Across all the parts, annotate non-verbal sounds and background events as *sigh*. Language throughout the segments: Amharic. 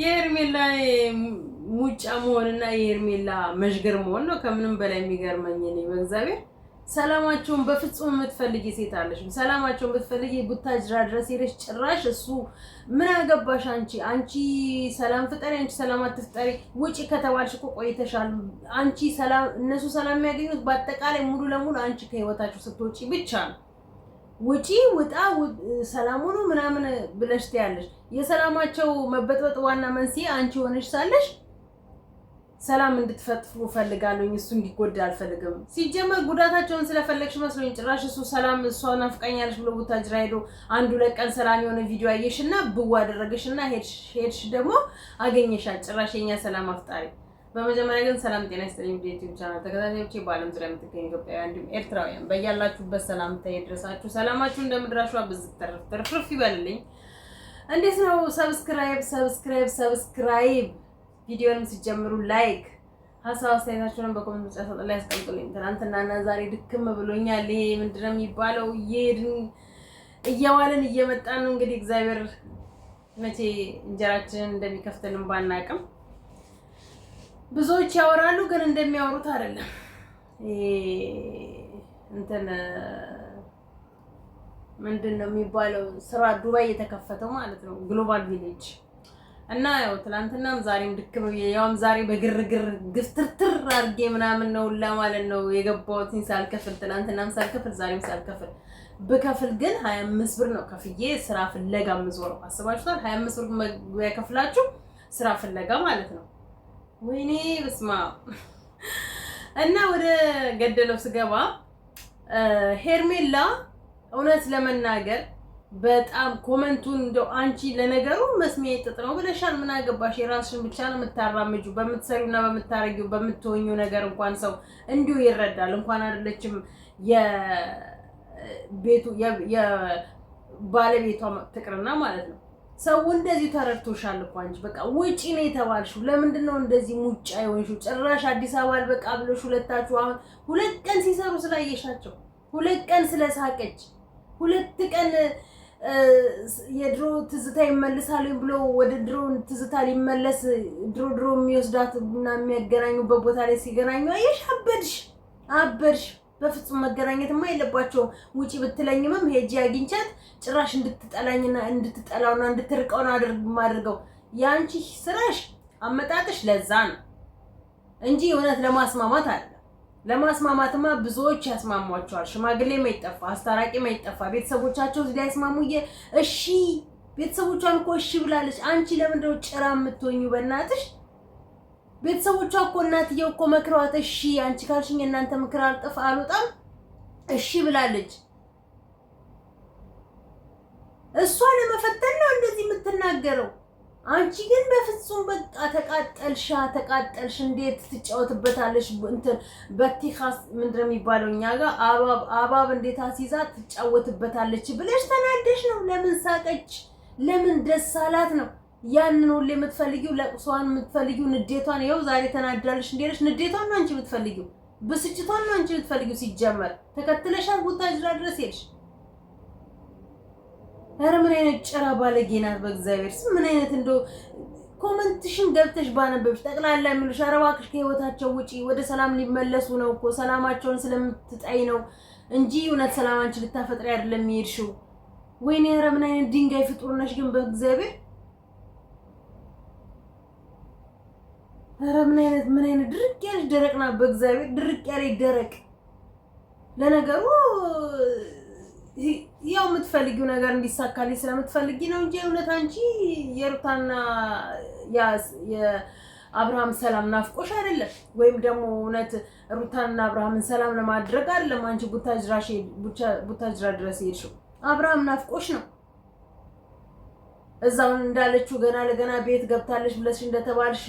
የሄርሜላ ሙጫ መሆንና የሄርሜላ መሽገር መሆን ነው ከምንም በላይ የሚገርመኝ እኔ በእግዚአብሔር ሰላማቸውን በፍጹም የምትፈልጊ ሴት አለሽም። ሰላማቸውን ብትፈልጊ ቡታጅራ ድረስ ሄደሽ ጭራሽ እሱ ምን አገባሽ አንቺ አንቺ ሰላም ፍጠሪ፣ አንቺ ሰላም አትፍጠሪ። ውጪ ከተባልሽ እኮ ቆይተሻል። አንቺ ሰላም እነሱ ሰላም የሚያገኙት በአጠቃላይ ሙሉ ለሙሉ አንቺ ከህይወታቸው ስትወጪ ብቻ ነው። ውጪ ውጣ ሰላሙኑ ምናምን ብለሽ ትያለሽ። የሰላማቸው መበጥበጥ ዋና መንስኤ አንቺ ሆነሽ ሳለሽ ሰላም እንድትፈጥፉ ፈልጋለሁኝ፣ እሱ እንዲጎዳ አልፈልግም። ሲጀመር ጉዳታቸውን ስለፈለግሽ መስሎኝ ጭራሽ እሱ ሰላም እሷ ናፍቃኛለሽ ብሎ ቡታጅራ ሄዶ አንድ ሁለት ቀን ሰላም የሆነ ቪዲዮ አየሽና ብዋ አደረገሽና ሄድሽ ደግሞ አገኘሻል። ጭራሽ የኛ ሰላም አፍጣሪ በመጀመሪያ ግን ሰላም ጤና ይስጥልኝ። ዩቲዩብ ቻናል ተከታታዮቼ በአለም ዙሪያ የምትገኝ ኢትዮጵያውያን እንዲሁም ኤርትራውያን በያላችሁበት ሰላምታ ይድረሳችሁ። ሰላማችሁ እንደምድራሹ ብዝ ተርፍርፍ ይበልልኝ። እንዴት ነው? ሰብስክራይብ ሰብስክራይብ ሰብስክራይብ፣ ቪዲዮንም ሲጀምሩ ላይክ፣ ሀሳብ አስተያየታችሁንም በኮሜንት መስጫ ሳጥን ላይ ያስቀምጡልኝ። ትናንትናና ዛሬ ድክም ብሎኛል። ይሄ ምንድን ነው የሚባለው? እየሄድን እየዋልን እየመጣን ነው። እንግዲህ እግዚአብሔር መቼ እንጀራችንን እንደሚከፍትልን ባናቅም ብዙዎች ያወራሉ ግን እንደሚያወሩት አይደለም። እንትን ምንድን ነው የሚባለው ስራ ዱባይ የተከፈተው ማለት ነው ግሎባል ቪሌጅ እና ያው ትናንትናም ዛሬም ድክም ያውም ዛሬ በግርግር ግፍትርትር አድርጌ ምናምን ነው ለማለት ነው የገባሁት ሳልከፍል፣ ትናንትናም ሳልከፍል፣ ዛሬም ሳልከፍል ብከፍል ግን ሀያ አምስት ብር ነው ከፍዬ ስራ ፍለጋ የምዞረው። አስባችኋል? ሀያ አምስት ብር ያከፍላችሁ ስራ ፍለጋ ማለት ነው ወይኔ ብስማ እና ወደ ገደለው ስገባ ሄርሜላ እውነት ለመናገር በጣም ኮመንቱን እንደው አንቺ ለነገሩ መስሜ ጥጥ ነው ብለሻል። ምን አገባሽ? የራስሽን ብቻ ነው የምታራምጁ። በምትሰሪውና በምታረጊው በምትወኙ ነገር እንኳን ሰው እንዲሁ ይረዳል። እንኳን አይደለችም የቤቱ የባለቤቷ ፍቅርና ማለት ነው ሰው እንደዚህ ተረድቶሻል እኮ አንቺ በቃ ውጪ ነው የተባልሽው። ለምንድን ነው እንደዚህ ሙጫ የሆንሽው? ጭራሽ አዲስ አበባ በቃ ብለሽ ሁለታችሁ አሁን ሁለት ቀን ሲሰሩ ስላየሻቸው፣ ሁለት ቀን ስለሳቀች፣ ሁለት ቀን የድሮ ትዝታ ይመልሳል ብሎ ወደ ድሮ ትዝታ ሊመለስ ድሮ ድሮ የሚወስዳት እና የሚያገናኙበት ቦታ ላይ ሲገናኙ አየሽ፣ አበድሽ አበድሽ። በፍጹም መገናኘትማ የለባቸውም። ውጪ ብትለኝምም ሄጂ አግኝቻት ጭራሽ እንድትጠላኝና እንድትጠላውና እንድትርቀውን አድርግ ማድርገው የአንቺ ስራሽ አመጣጥሽ ለዛ ነው እንጂ እውነት ለማስማማት አለ ለማስማማትማ ብዙዎች ያስማሟቸዋል። ሽማግሌ ማይጠፋ አስታራቂ ማይጠፋ ቤተሰቦቻቸው እዚህ ላይ ያስማሙዬ። እሺ ቤተሰቦቿን እኮ እሺ ብላለች። አንቺ ለምንድነው ጭራ የምትሆኙ በእናትሽ? ቤተሰቦቿ እኮ እናትየው እኮ መክረዋት፣ እሺ አንቺ ካልሽኝ እናንተ ምክር አልጥፍ አልወጣም እሺ ብላለች። እሷ ለመፈተን ነው እንደዚህ የምትናገረው። አንቺ ግን በፍጹም በቃ ተቃጠልሻ ተቃጠልሽ። እንዴት ትጫወትበታለሽ? እንትን በቲኻስ ምንድን ነው የሚባለው እኛ ጋር አባብ አባብ እንዴት አስይዛ ትጫወትበታለች ብለሽ ተናደሽ ነው። ለምን ሳቀች? ለምን ደስ አላት ነው ያንን ሁሌ የምትፈልጊው ለቅሷን የምትፈልጊው ንዴቷን፣ ይኸው ዛሬ ተናዳለሽ እንዲለሽ ንዴቷን ነው አንቺ የምትፈልጊው፣ ብስጭቷን ነው አንቺ የምትፈልጊው። ሲጀመር ተከትለሻል፣ ቡታጅራ ድረስ ሄድሽ። ኧረ ምን አይነት ጭራ ባለጌ ናት! በእግዚአብሔር ስም ምን አይነት እንደው ኮመንትሽን ገብተሽ ባነበብሽ ጠቅላላ የሚሉሽ ኧረ እባክሽ ከህይወታቸው ውጪ ወደ ሰላም ሊመለሱ ነው እኮ ሰላማቸውን ስለምትጠይ ነው እንጂ እውነት ሰላም አንቺ ልታፈጥሪ አይደለም የሄድሽው። ወይኔ ኧረ ምን አይነት ድንጋይ ፍጡር ነሽ ግን በእግዚአብሔር ኧረ ምን አይነት ምን አይነት ድርቅ ያለች ደረቅ ናት። በእግዚአብሔር ድርቅ ያለች ደረቅ። ለነገሩ ያው የምትፈልጊው ነገር እንዲሳካልኝ ስለምትፈልጊ ነው እንጂ እውነት አንቺ የሩታና የአብርሃም ሰላም ናፍቆሽ አይደለም። ወይም ደግሞ እውነት ሩታንና አብርሃምን ሰላም ለማድረግ አይደለም አንቺ ቡታጅራ ድረስ ሄድሽው። አብርሃም ናፍቆሽ ነው። እዛው እንዳለችው ገና ለገና ቤት ገብታለች ብለሽ እንደተባልሽ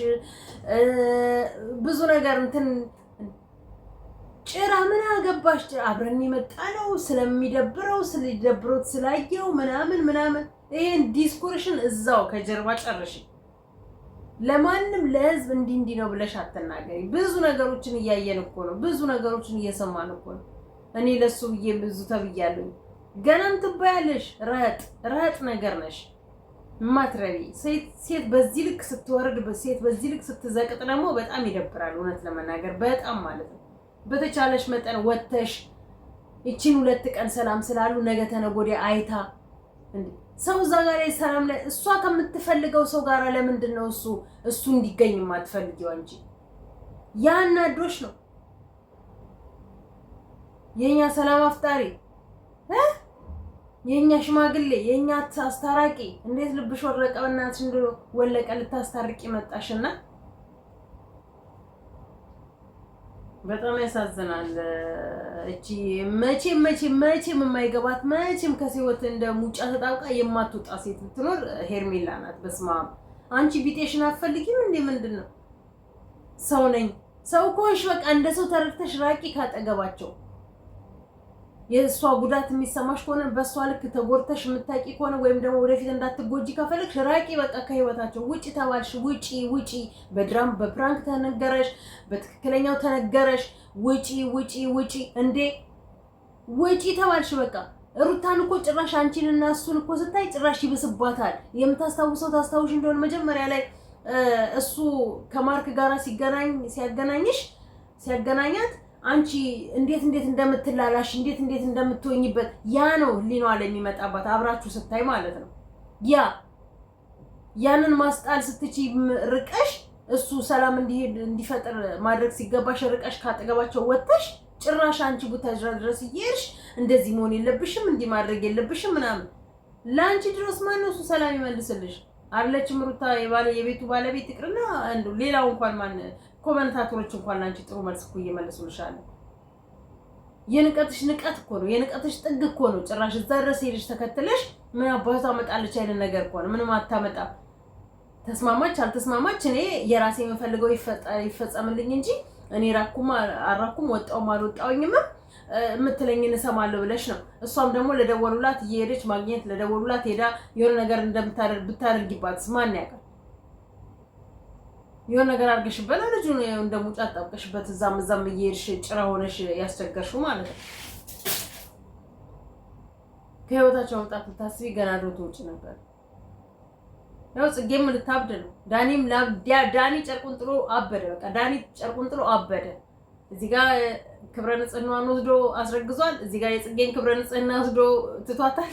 ብዙ ነገር እንትን ጭራ ምን አገባሽ? አብረን የመጣ ነው ስለሚደብረው ስለደብሮት ስላየው ምናምን ምናምን ይሄን ዲስኩርሽን እዛው ከጀርባ ጨርሽ። ለማንም ለህዝብ እንዲህ እንዲህ ነው ብለሽ አትናገሪ። ብዙ ነገሮችን እያየን እኮ ነው፣ ብዙ ነገሮችን እየሰማን እኮ ነው። እኔ ለሱ ብዬ ብዙ ተብያለሁ። ገናም ትባያለሽ። ረጥ ረጥ ነገር ነሽ። ማትረቢ ሴት በዚህ ልክ ስትወርድ፣ ሴት በዚህ ልክ ስትዘቅጥ ደግሞ በጣም ይደብራል። እውነት ለመናገር በጣም ማለት ነው። በተቻለሽ መጠን ወተሽ ይችን ሁለት ቀን ሰላም ስላሉ ነገ ተነጎዴ አይታ ሰው እዛ ጋር ሰላም ላይ እሷ ከምትፈልገው ሰው ጋር ለምንድን ነው እሱ እሱ እንዲገኝ የማትፈልጊው እንጂ ያና ዶሽ ነው የኛ ሰላም አፍጣሪ የእኛ ሽማግሌ የእኛ አስታራቂ እንዴት ልብሽ ወረቀ? በእናትሽ እንዶ ወለቀ ልታስታርቂ መጣሽና በጣም ያሳዝናል። እቺ መቼም መቼም መቼም የማይገባት መቼም ከህይወት እንደ ሙጫ ተጣብቃ የማትወጣ ሴት ብትኖር ሄርሜላ ናት። በስመ አብ አንቺ ቢጤሽን አትፈልጊም እንዴ? ምንድን ነው ሰው ነኝ ሰው ኮሽ በቃ እንደ ሰው ተረድተሽ ራቂ ካጠገባቸው የእሷ ጉዳት የሚሰማሽ ከሆነ በእሷ ልክ ተጎድተሽ የምታቂ ከሆነ ወይም ደግሞ ወደፊት እንዳትጎጂ ከፈለግሽ ራቂ። በቃ ከህይወታቸው ውጪ ተባልሽ፣ ውጪ ውጪ። በድራም በፕራንክ ተነገረሽ፣ በትክክለኛው ተነገረሽ፣ ውጪ ውጪ ውጪ። እንዴ ውጪ ተባልሽ በቃ ሩታን እኮ ጭራሽ አንቺን እና እሱን እኮ ስታይ ጭራሽ ይብስባታል። የምታስታውሰው ታስታውሽ እንደሆነ መጀመሪያ ላይ እሱ ከማርክ ጋር ሲገናኝ ሲያገናኝሽ ሲያገናኛት አንቺ እንዴት እንዴት እንደምትላላሽ እንዴት እንዴት እንደምትወኝበት ያ ነው ህሊናዋ ላይ የሚመጣባት አብራችሁ ስታይ ማለት ነው። ያ ያንን ማስጣል ስትቺ ርቀሽ እሱ ሰላም እንዲሄድ እንዲፈጥር ማድረግ ሲገባሽ ርቀሽ ካጠገባቸው ወጥተሽ ጭራሽ አንቺ ቡታጅራ ድረስ እየሄድሽ እንደዚህ መሆን የለብሽም እንዲህ ማድረግ የለብሽም ምናምን። ለአንቺ ድረስ ማነው እሱ ሰላም ይመልስልሽ? አለችም ሩታ የባለ የቤቱ ባለቤት ይቅርና ሌላው እንኳን ማን ኮመንታተሮች እንኳን አንቺ ጥሩ መልስ እኮ እየመለሱልሻል። የንቀትሽ ንቀት እኮ ነው፣ የንቀትሽ ጥግ እኮ ነው። ጭራሽ እዛ ድረስ ሄደሽ ተከትለሽ ምን አባቷ አመጣለች አይነት ነገር እኮ ነው። ምንም አታመጣም። ተስማማች አልተስማማች፣ እኔ የራሴ የምፈልገው ይፈጸምልኝ እንጂ እኔ ራኩም አራኩም ወጣውም አልወጣውኝም የምትለኝን እሰማለሁ ብለሽ ነው። እሷም ደግሞ ለደወሉላት እየሄደች ማግኘት ለደወሉላት ሄዳ የሆነ ነገር እንደምታደርግ ብታደርጊባትስ ማን ያውቃል? የሆነ ነገር አድርገሽበት ልጁ እንደ ሙጫ አጣብቀሽበት እዛም እዛም እየሄድሽ ጭራ ሆነሽ ያስቸገርሽው ማለት ነው። ከህይወታቸው መውጣት ልታስቢ ገና ድሮ ትውጭ ነበር። ያው ጽጌም ልታብድ ነው። ዳኒም ዳኒ ጨርቁን ጥሎ አበደ። በቃ ዳኒ ጨርቁን ጥሎ አበደ። እዚህ ጋር ክብረ ንጽህናዋን ወስዶ አስረግዟል። እዚህ ጋር የጽጌን ክብረ ንጽህና ወስዶ ትቷታል።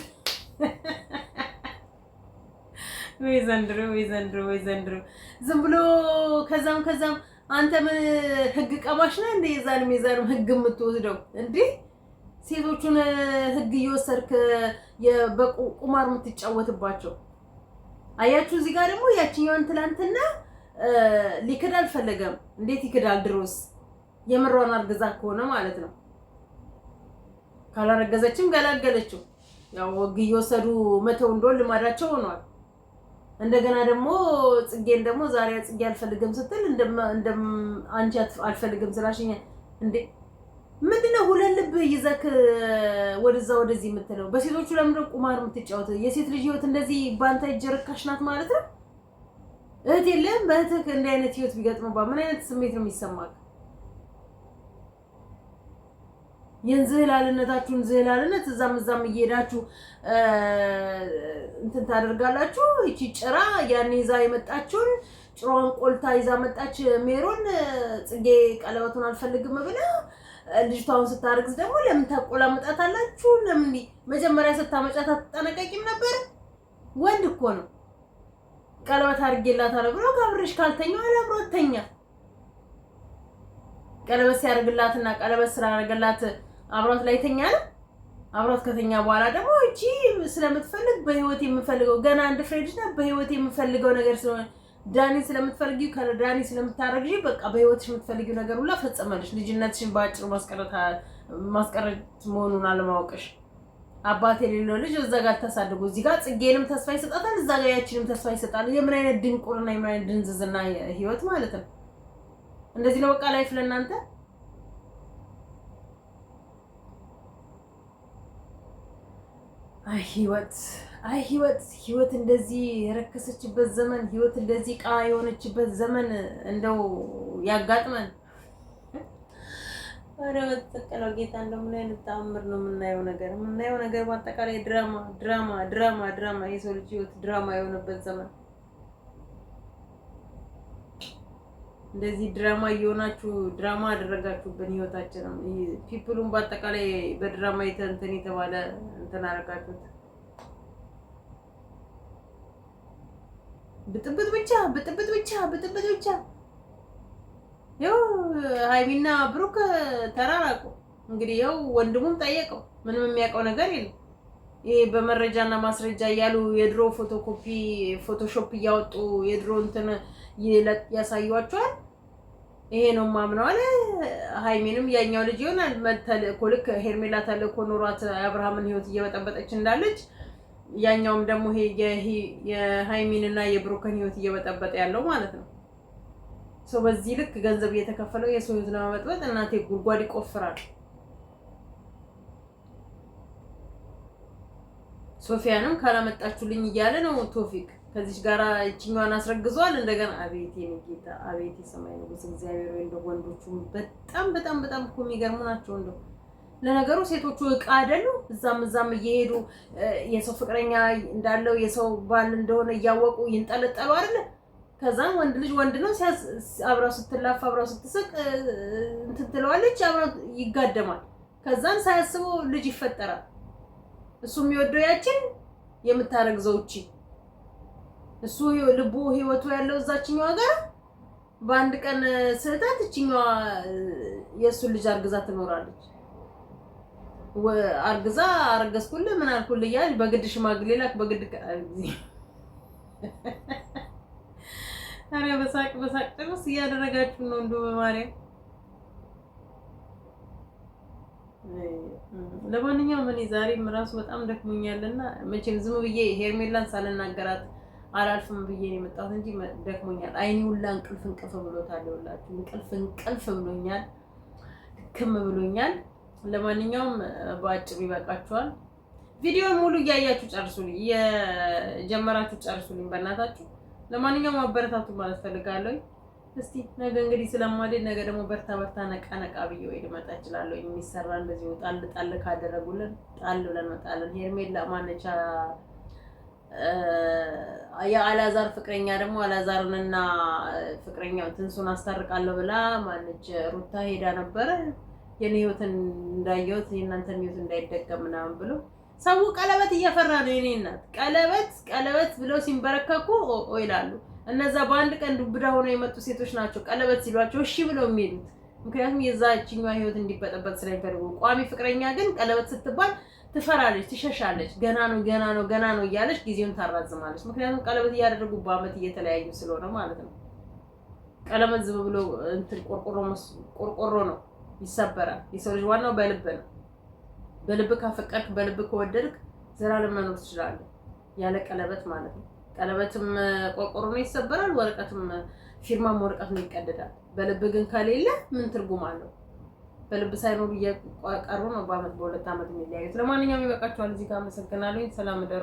*laughs* ወይ ዘንድሮ ወይ ዘንድሮ ወይ ዘንድሮ ዝም ብሎ ከዛም ከዛም አንተም ህግ ቀማሽ ነህ እንደ የዛንም የዛንም ህግ የምትወስደው እንዴ? ሴቶቹን ህግ እየወሰድክ በቁማር የምትጫወትባቸው አያችሁ። እዚህ ጋር ደግሞ ያችኛዋን ትላንትና ሊክድ አልፈለገም። እንዴት ይክዳል? ድሮስ የምሯን አርግዛ ከሆነ ማለት ነው። ካላረገዘችም ገላገለችው። ያው ህግ እየወሰዱ መተው እንደሆነ ልማዳቸው ሆኗል። እንደገና ደግሞ ጽጌን ደግሞ ዛሬ ጽጌ አልፈልግም ስትል እንደም አንቺ አልፈልግም ስላሽኛ እንዴ ምንድነው? ሁለት ልብ ይዘክ ወደዛ ወደዚህ የምትለው በሴቶቹ ለምንድን ቁማር የምትጫወት? የሴት ልጅ ህይወት እንደዚህ ባንተ እጅ ርካሽ ናት ማለት ነው። እህት የለም በእህትህ እንዲህ አይነት ህይወት ቢገጥመባ ምን አይነት ስሜት ነው የሚሰማክ? የንዝህላልነታችሁን ዝህላልነት እዛም እዛም እየሄዳችሁ እንትን ታደርጋላችሁ። ይቺ ጭራ ያኔ ይዛ የመጣችውን ጭሯን ቆልታ ይዛ መጣች ሜሮን። ጽጌ ቀለበቱን አልፈልግም ብላ ልጅቷን ስታደርግስ ደግሞ ለምን መጣት አላችሁ? ለምን መጀመሪያ ስታመጫት አትጠነቀቂም ነበር? ወንድ እኮ ነው ቀለበት አድርጌላታለሁ ብሎ ካብርሽ ካልተኛ አላብሮተኛ ቀለበት ሲያደርግላትና ቀለበት ስላደረገላት አብሯት ላይ ተኛ ነው። አብሯት ከተኛ በኋላ ደግሞ እቺ ስለምትፈልግ በህይወት የምፈልገው ገና አንድ ፍሬንድ እና በህይወት የምፈልገው ነገር ስለሆነ ዳኒ ስለምትፈልጊ ከዳኒ ስለምታረግዢ በቃ በህይወትሽ የምትፈልጊው ነገር ሁላ ፈጸመልሽ። ልጅነትሽን በአጭሩ ማስቀረት መሆኑን አለማወቅሽ አባት የሌለው ልጅ እዛ ጋር ታሳድጉ እዚህ ጋር ጽጌንም ተስፋ ይሰጣታል፣ እዛ ጋር ያችንም ተስፋ ይሰጣል። የምን አይነት ድንቁርና የምን አይነት ድንዝዝና ህይወት ማለት ነው። እንደዚህ ነው በቃ ላይፍ ለእናንተ አይ ህይወት አይ ህይወት ህይወት እንደዚህ የረከሰችበት ዘመን ህይወት እንደዚህ ቃ የሆነችበት ዘመን እንደው ያጋጥመን። ኧረ በተሰቀለው ጌታ እንደው ምን አይነት ተአምር ነው የምናየው ነገር የምናየው ነገር በአጠቃላይ ድራማ ድራማ ድራማ ድራማ የሰው ልጅ ህይወት ድራማ የሆነበት ዘመን እንደዚህ ድራማ እየሆናችሁ ድራማ አደረጋችሁብን ህይወታችንም ፒፕሉን በአጠቃላይ በድራማ የተንትን የተባለ እንትን አደረጋችሁት። ብጥብጥ ብቻ ብጥብጥ ብቻ ብጥብጥ ብቻ። ያው ሀይሚና ብሩክ ተራራቁ። እንግዲህ ያው ወንድሙም ጠየቀው፣ ምንም የሚያውቀው ነገር የለም። ይሄ በመረጃና ማስረጃ እያሉ የድሮ ፎቶኮፒ ፎቶሾፕ እያወጡ የድሮ እንትን ያሳዩዋቸዋል። ይሄ ነው ማምነው አለ ሀይሜንም ያኛው ልጅ ይሆናል ተልእኮ ልክ ሄርሜላ ተልእኮ ኖሯት አብርሃምን ህይወት እየበጠበጠች እንዳለች ያኛውም ደግሞ ይሄ እና የብሩክን ህይወት እየበጠበጠ ያለው ማለት ነው። ሰው በዚህ ልክ ገንዘብ እየተከፈለው የሰው ህይወት ለመበጥበጥ እናቴ ጉድጓድ ይቆፍራል። ሶፊያንም ካላመጣችሁልኝ እያለ ነው ቶፊክ ከዚች ጋር እችኛዋን አስረግዟል። እንደገና አቤት የኔ ጌታ አቤት የሰማይ ንጉስ እግዚአብሔር ወይ ወንዶቹ በጣም በጣም በጣም እኮ የሚገርሙ ናቸው። እንደው ለነገሩ ሴቶቹ እቃ አይደሉ? እዛም እዛም እየሄዱ የሰው ፍቅረኛ እንዳለው የሰው ባል እንደሆነ እያወቁ ይንጠለጠሉ አይደለ? ከዛም ወንድ ልጅ ወንድ ነው አብራው ስትላፍ አብራው ስትስቅ እንትን ትለዋለች፣ አብራው ይጋደማል። ከዛም ሳያስበው ልጅ ይፈጠራል። እሱ የሚወደው ያችን የምታረግዘው እቺ እሱ ልቡ ህይወቱ ያለው እዛችኛዋ ጋር በአንድ ቀን ስህተት እችኛዋ የእሱን ልጅ አርግዛ ትኖራለች። አርግዛ አረገዝኩልህ ምን አልኩልህ እያለች በግድ ሽማግሌ ላክ በግድ ኧረ *laughs* በሳቅ በሳቅ ጭርስ እያደረጋችሁ ነው። እንደው በማርያም ለማንኛውም እኔ ዛሬም እራሱ በጣም ደክሞኛልና መቼም ዝም ብዬ ሄርሜላን ሳልናገራት አላልፍም ብዬ ነው የመጣሁት እንጂ ደክሞኛል። አይኔ ሁላ እንቅልፍ እንቅልፍ ብሎታል። ይኸውላችሁ እንቅልፍ እንቅልፍ ብሎኛል፣ ድክም ብሎኛል። ለማንኛውም በአጭር ይበቃችኋል። ቪዲዮ ሙሉ እያያችሁ ጨርሱልኝ፣ የጀመራችሁ ጨርሱልኝ በእናታችሁ። ለማንኛውም አበረታቱ ማለት ፈልጋለሁ። እስቲ ነገ እንግዲህ ስለማልሄድ ነገ ደግሞ በርታ በርታ ነቃ ነቃ ብዬ ወይ ልመጣ እችላለሁ። የሚሰራ እንደዚህ ጣል ጣል ካደረጉልን ጣል ብለን መጣለን። ሄርሜላ ማነቻ የአላዛር ፍቅረኛ ደግሞ አላዛርንና ፍቅረኛው ትንሱን አስታርቃለሁ ብላ ማነች ሩታ ሄዳ ነበረ። የኔ ህይወትን እንዳየሁት የእናንተን ህይወት እንዳይደገም ምናምን ብሎ ሰው ቀለበት እየፈራ ነው። የኔ እናት ቀለበት ቀለበት ብለው ሲንበረከኩ ይላሉ። እነዛ በአንድ ቀን ዱብዳ ሆነው የመጡ ሴቶች ናቸው ቀለበት ሲሏቸው እሺ ብለው የሚሄዱት ምክንያቱም የዛችኛዋ ህይወት እንዲበጠበጥ ስለሚፈልጉ። ቋሚ ፍቅረኛ ግን ቀለበት ስትባል ትፈራለች፣ ትሸሻለች። ገና ነው ገና ነው ገና ነው እያለች ጊዜውን ታራዝማለች። ምክንያቱም ቀለበት እያደረጉ በአመት እየተለያዩ ስለሆነ ማለት ነው። ቀለበት ዝም ብሎ እንትን ቆርቆሮ ነው፣ ይሰበራል። የሰው ልጅ ዋናው በልብ ነው። በልብ ካፈቀድክ፣ በልብ ከወደድክ ዘላለም መኖር ትችላለህ፣ ያለ ቀለበት ማለት ነው። ቀለበትም ቆርቆሮ ነው፣ ይሰበራል። ወረቀትም ፊርማም ወረቀት ነው፣ ይቀደዳል። በልብ ግን ከሌለ ምን ትርጉም አለው? በልብ ሳይኖር እየቀሩ ነው በአመት በሁለት አመት የሚለያዩት። ለማንኛውም ይበቃቸዋል። እዚህ ጋር አመሰግናለሁ። ሰላም ደሩ